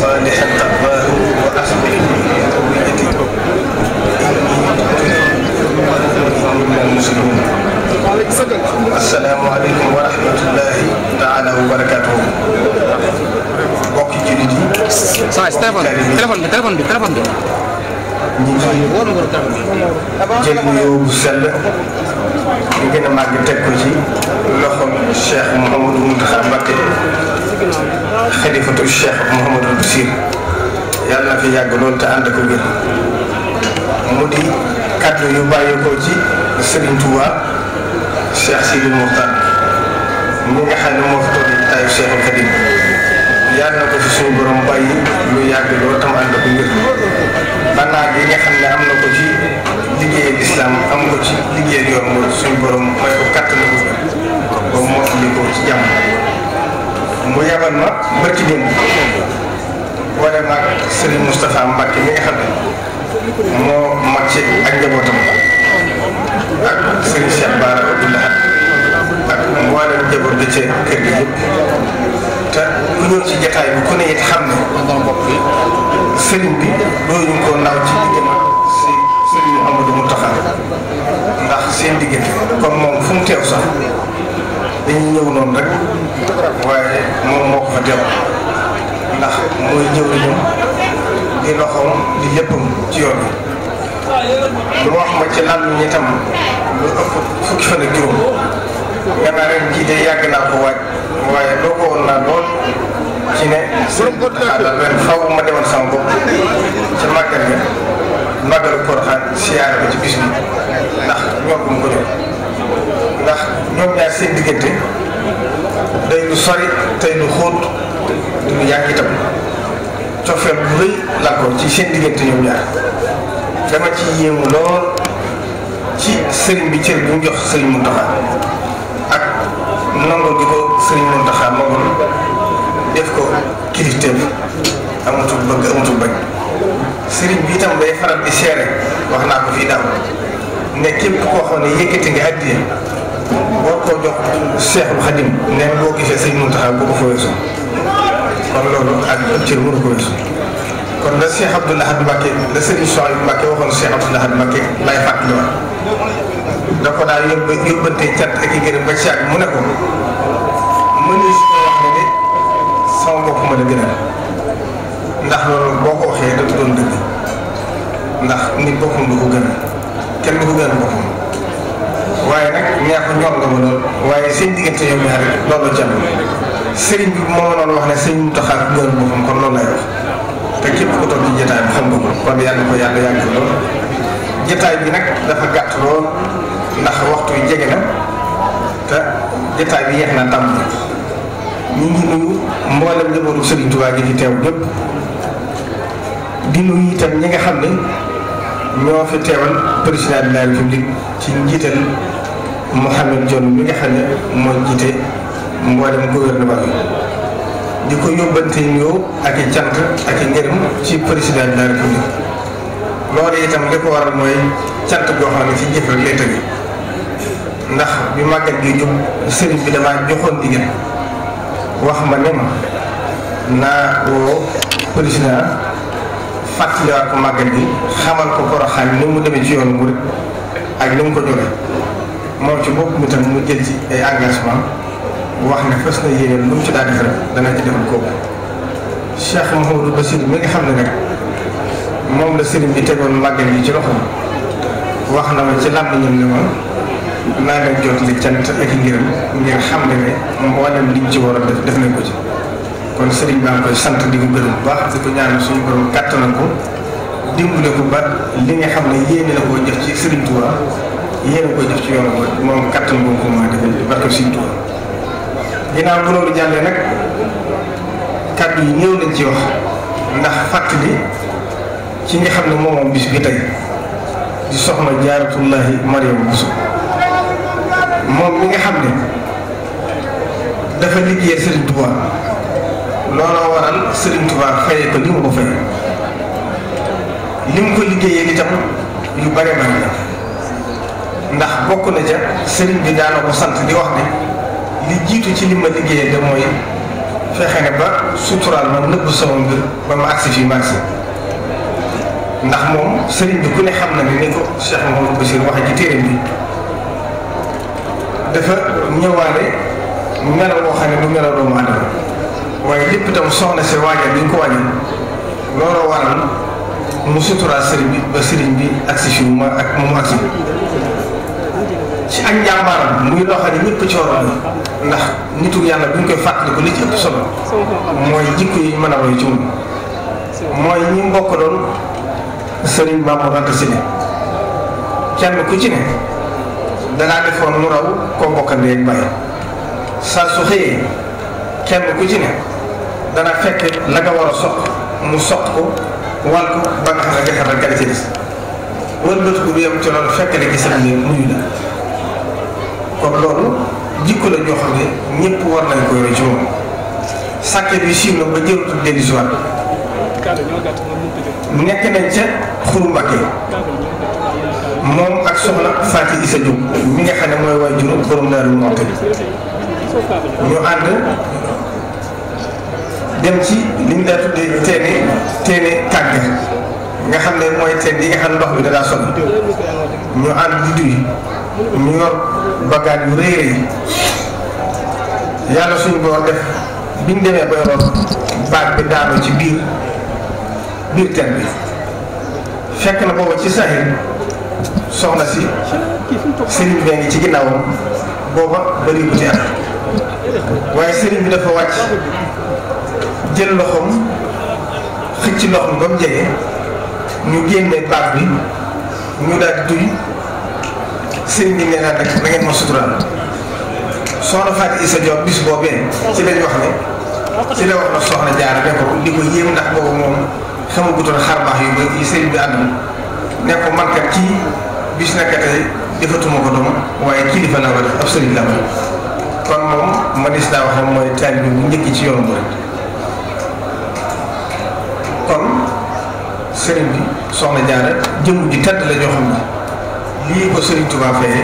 صالحا تقباه وأخبرني السلام عليكم ورحمة الله تعالى وبركاته di gën a màgg teg ko ci loxo Cheikh Mouhamadou Mountakha Mbacké xalifatu Cheikh Mouhamadou Bachir yàlla na fi yàgg loolu te ànd ko wér mu di kàddu yu bàyyeekoo ci Serigne Touba Cheikh Sidi Moukhtar mi nga xam ne moo fi toll taayu Cheikhul Khadim yàlla na ko fi suñu borom bàyyi lu yàgg loolu tam ànd ko wér banaa bi nga xam ne am na ko ci. liggéeyal islam am ko ci liggéeyal yoon mooy suñu borom mooy ko kàttan ko ba mu li ko ci jàmm mu yabal ma bërki démb boole ma ak Serigne Moustapha Mbacke mi nga xam ne moo mag ci ak bi ci kër gi yëpp te ñëw ci jataay bi ku ne it xam ne sëriñ bi dooñu ko naaw ci diggante Mouhamadou Mountakha ndax seen diggante kon moom fu mu teew sax dañuy ñëw noonu rek waaye moom moo ko fa teew ndax mooy ñëw di ñoom di loxoom di ci yoon bi lu wax ma ci lan ñi tam lu ëpp fukki fan ak juróom gannaaw ren jii de yàgg naa ko waaj waaye doo ko woon naa lool ci ne sëñ Mountakha daal ren faw ma demal sama bopp ci màggal gi màggal Porokhane siyaare ba ci bis ndax ñoom ñaar seen diggante day lu sori tey lu xóot du ñu yàgg itam cofeel bu rëy làkkoon ci seen diggante ñoom ñaar dama ci yéemu lool ci sëriñ bi cër bi mu jox sëriñ Mountakha ak nangoo di ko sëriñ Mountakha nangoo def ko kilifteef amatul bëgg amatul bañ سيرين بيتام باي فرام دي سير واخنا كو في دام ني كيب كو خون ييكتي نغي ادي وكو جوخ شيخ خديم نين بو كيسه سي منتخا بو فو يوسف كون لولو اك تير مو كو يوسف كون لا شيخ عبد الله حد مكي لا سيري شوال مكي واخون شيخ عبد الله حد مكي لاي فات لو دافا دا يوب يوبنتي تات اك غير با شاك مو نكو مني سو واخني سو بوكو ما لا ndax loolu boo ko waxee dootu doon dëgg ndax nit boppam du ko gën kenn du ko gën boppam waaye nag ñaax ko ñor nga ma lool waaye seen diggante yow ñaar rek loolu jàmm sëriñ bi moo noonu wax ne sëriñ Mountakha gën boppam kon loolu lay wax te yàlla ko yàlla yàgg lool bi nag dafa gàtt lool ndax waxtu wi jege na te jotaay bi yeex na tàmbali ñu ngi nuyu mboolem njabootu Serigne Touba gi fi teew ñëpp di nuyu itam ñi nga xam ne ñoo fi teewal président de la république ci njiital Mouhamed Dionne mi nga xam ne moo jiite mboolem gouvernement bi di ko yóbbante ñëw ak i cant ak i ngërëm ci président de la république loolu itam li ko waral mooy cant goo xam ne ci jëf rek lay ndax bi màggal gi jub sëriñ bi damaa joxoon digal wax ma ne ma naa woo président fàttaliwaat ko màggal bi xamal ko Porokhane ni mu demee ci mu murid ak ni mu ko jógee moom ci bopp mi tam mu jël ci ay engagement wax ne fas na yéene lu mu ci dana ci defal kooku Cheikh Mouhamadou xam ne nag moom la sëriñ bi tegoon màggal yi ci wax na ma ci làmb ñoom ne ma naa leen jot li cant ak ngërëm ngeen xam ne ne mboolem liñ ci war a def def nañ ko ci kon sëriñ baa koy sant di ko gërëm bu baax di ko ñaan suñu borom kàttanal ko dimbale ko ba li nga xam ne yéene na koo jëf ci serigne Touba yéene koo jox ci yoon ba moom kàttan boobu ko maa defal barke serigne Touba ginnaaw bu loolu jàllee nag kàddu yi néew nañ ci wax ndax fàttali ci nga xam ne moomoom bis bi tey di soxna jaaratullahi mariam musu moom mi nga xam ne dafa liggéeyal serigne Touba looloo waral Serigne Touba fayee ko li mu ko fayee li mu ko liggéeyee itam yu bare bari la ndax bokk na ca Serigne bi daana ko sant di wax ne li jiitu ci li ma liggéeyee de mooy fexe ne ba suturaal ma nëbb sama mbir ba ma agsi fii ma agsi ndax moom Serigne bi ku ne xam na ne ni ko Cheikh Mouhamadou Bachir waxee ci téere bi dafa ñëwaale melo woo xam ne du melo doomu aadama waaye lépp itam soxna si waajal bi ñu ko waajal looloo waral mu suturaal sëriñ bi ba sëriñ bi ak si fi mu ma ak mu ak si ci ak njàmbaaram muy loo xam ne ñëpp ndax nitu yàlla bu ñu koy fàttaliku li ci ëpp solo mooy jikko yi mën a woy ci moom mooy ñi mbokk doon sëriñ Mamadou Anta Sidi kenn ku ci ne danaa defoon mu raw koo bokkandee ak bàyyi saa su xëyee kenn ku ci ne dana fekk la nga war a soq mu soq ko wal ko ba nga bi ci loolu fekk na gisam ne nuyu la kon la ñoo xam ne ñëpp war nañ ko yore ci moom sàkket bi siiw na nekk nañ ca xuru Mbàkke ak soxna Faati Isa Jóob mi mooy waajuru borom Daaru ñu ànd dem ci liñ daa tuddee teene teene tàgg nga xam ne mooy teen yi nga xam ndox bi da daa sol ñu ànd di duy ñu yor bagage yu réer yi yàlla suñu boo def biñ demee ba baag bi daanoo ci biir biir teen bi fekk na booba ci sahil soxna si sëriñ bee ci ginnaawam booba bëri bu waaye sëriñ bi dafa wàcc jël loxoom xëcc loxoom ba mu jege ñu génne paak bi ñu daal di duy sëriñ bi nee naa nag na ngeen ma suturaal soxna Fatou Issa Diop bis ci lañ wax ne ci la wax na soxna jaar ne ko di ko yéem ndax boobu moom xamagutoon xar baax yu bëri yi bi àdduna ne ko man kat bis na kat tey ko doom waaye kilifa laa war a def ab sëriñ laa kon moom manis naa wax mooy taalibe bu njëkk ci yoonu bi sëriñ bi soxna jaara jëmm ji tedd la joo xam ne lii ko sëriñ Tuubaa fee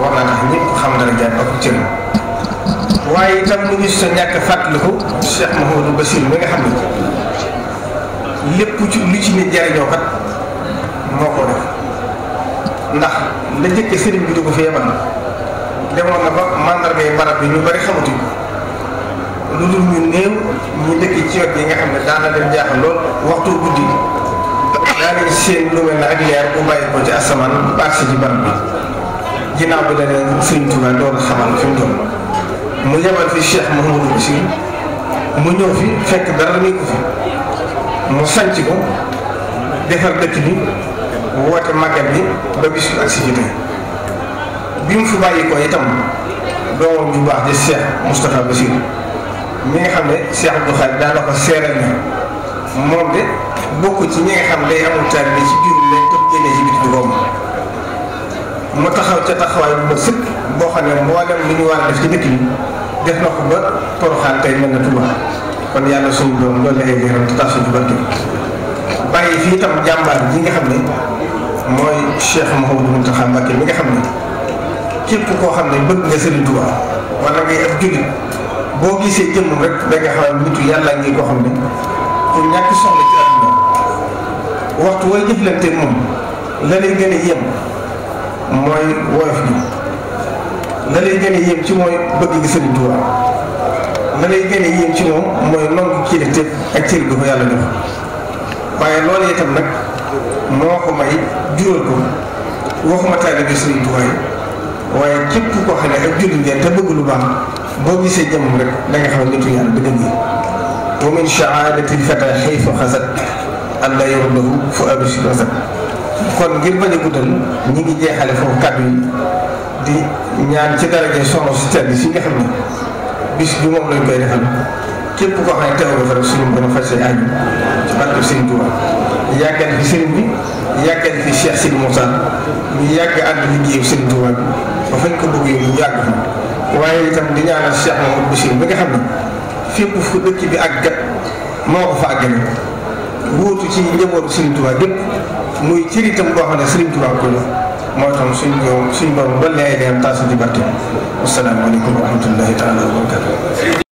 war naa tax ñëpp xam dara jaar ak cër waaye itam mu ngi sa ñàkk fàttaliku Cheikh Mahamadou Bassir mi nga xam ne lépp ci lu ci nit jariñoo kat moo ko def ndax la jëkke sëriñ bi di ko fi yebal demoon na ba mandarga yi barab bi ñu bari xamatuñ ko lu dul ñu néew ñu dëkk ci wet yi nga xam ne daana dem jaaxal lool waxtu guddi daa nga gis seen lu mel ne ak leer bu bàyyi ko ci asamaan ba àggsi ci bi ginnaaw bi da leen Sëriñ Tuubaa door a xamal fi mu doon mu yebal fi Cheikh Mouhamadou Bachir mu ñëw fi fekk dara ni ko fi mu sanc ko defar dëkk bi woote màggal bi ba bisu ak si jotee mu fi bàyyi ko itam doomam ju baax di Cheikh Moustapha Bachir mi nga xam ne Cheikh Abdou Khadre daa la ko seeral ni moom de bokku ci ñi nga xam day amul tàbbi ci biir lay tëb gene ci biir dugom mu taxaw ci taxaway bu ma sëkk boo xam ne li ñu war def ci dëkk bi def na ko ba toroxaan tay mën na tuba kon yalla suñu doom do lay leeral ta taxu ci barke bàyyi fi tam jambar ji nga xamne moy cheikh mahamadou muntaha mbàkke mi nga xamne ne képp koo xam ne bëgg nga sëriñ tuba wala ngay ab julit boo gisee jëmm rek da nga xam ne nitu yàlla ngi ko xam ne pour ñàkk soxla ci àdduna waxtu way jëflanteeg moom la lay gën a yem mooy woyof bi la lay gën a yem ci mooy gi Sëriñ Tuubaa gën a ci moom mooy nangu kilifteef ak cër gi ko yàlla def waaye loolu itam nag moo ko may jural ko waxuma taalibe Sëriñ Tuubaa yi waaye képp koo xam ne ak jullit ngeen te bëgg lu baax boo gisee jëmm rek da nga xam ne nitu yàlla dëgg yi wa min shahaadatil fata xayfa allah yurdahu fu abish rasat kon ngir bañ a guddal ñi ngi jeexale foofu kàddu yi di ñaan ci daraje soxna si tedd si nga xam ne bis bi moom lañ koy defal képp ko xam ne teew nga fa rek suñu mën a faj say aaju ci barke Sëriñ fi sëriñ bi yàggal fi ñu yàgg ànd liggéeyu Sëriñ Tuuba fañ ko bëggee ñu yàgg fa waaye itam di ñaanal Cheikh Mamadou Bachir bi nga xam ne fépp fu dëkk bi àggat moo ko fa àggale wuutu ci njabootu Serigne Touba gépp muy ciritam boo xam ne Serigne Touba ko la moo tax suñ suñ borom ba léegi day am taasu di barke asalaamaaleykum wa rahmatullahi taala wa barakatu